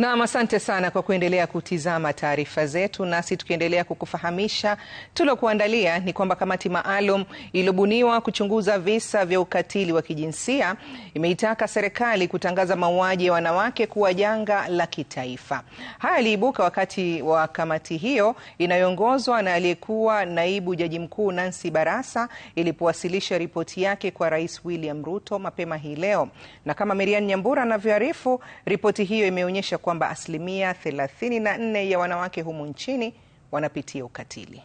Naam, asante sana kwa kuendelea kutizama taarifa zetu, nasi tukiendelea kukufahamisha tulokuandalia ni kwamba kamati maalum iliyobuniwa kuchunguza visa vya ukatili wa kijinsia imeitaka serikali kutangaza mauaji ya wanawake kuwa janga la kitaifa. Haya yaliibuka wakati wa kamati hiyo inayoongozwa na aliyekuwa naibu jaji mkuu Nancy Barasa ilipowasilisha ripoti yake kwa Rais William Ruto mapema hii leo, na kama Miriam Nyambura anavyoarifu, ripoti hiyo imeonyesha kwamba asilimia 34 ya wanawake humu nchini wanapitia ukatili.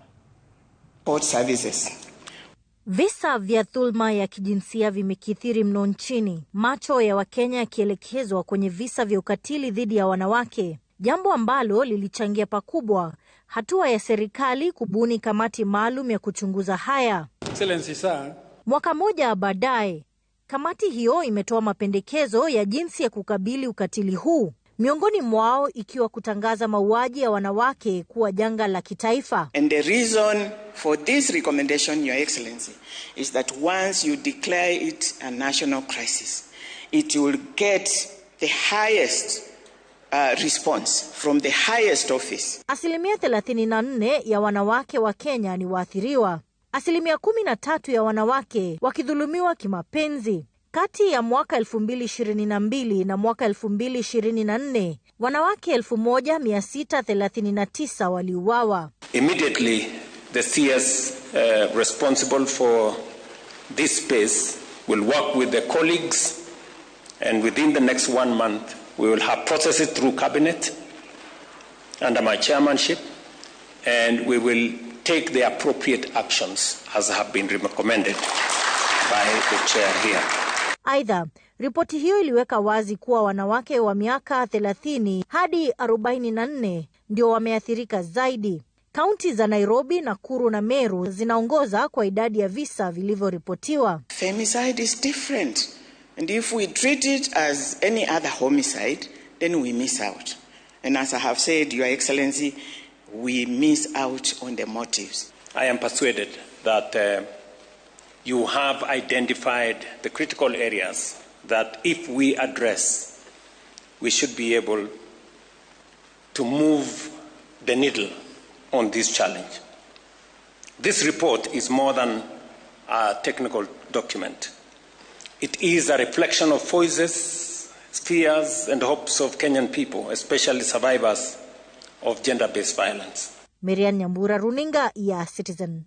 Visa vya dhuluma ya kijinsia vimekithiri mno nchini, macho ya Wakenya yakielekezwa kwenye visa vya ukatili dhidi ya wanawake, jambo ambalo lilichangia pakubwa hatua ya serikali kubuni kamati maalum ya kuchunguza haya. Mwaka mmoja baadaye, kamati hiyo imetoa mapendekezo ya jinsi ya kukabili ukatili huu miongoni mwao ikiwa kutangaza mauaji ya wanawake kuwa janga la kitaifa. And the reason for this recommendation, Your Excellency, is that once you declare it a national crisis, it will get the highest Uh, response from the highest office. Asilimia 34 ya wanawake wa Kenya ni waathiriwa, asilimia 13 ya wanawake wakidhulumiwa kimapenzi, kati ya mwaka 2022 na mwaka 2024 wanawake 1639 waliuawa. Immediately the CS uh, responsible for this space will work with the colleagues and within the next one month we will have processed through cabinet under my chairmanship and we will take the appropriate actions as have been recommended by the chair here. Aidha, ripoti hiyo iliweka wazi kuwa wanawake wa miaka 30 hadi 44 ndio wameathirika zaidi. Kaunti za Nairobi, Nakuru na Meru zinaongoza kwa idadi ya visa vilivyoripotiwa. Femicide is different and if we treat it as any other homicide then we miss out and as I have said your excellency we miss out on the motives. I am persuaded that uh... you have identified the critical areas that, if we address, we should be able to move the needle on this challenge. This report is more than a technical document. It is a reflection of voices, fears, and hopes of Kenyan people, especially survivors of gender based violence. Miriam Nyambura, runinga ya Citizen.